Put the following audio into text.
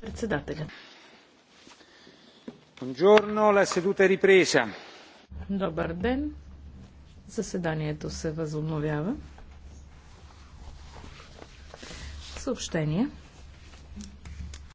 Председателя. Buongiorno, la seduta è Добър ден. Заседанието се възобновява. Съобщение.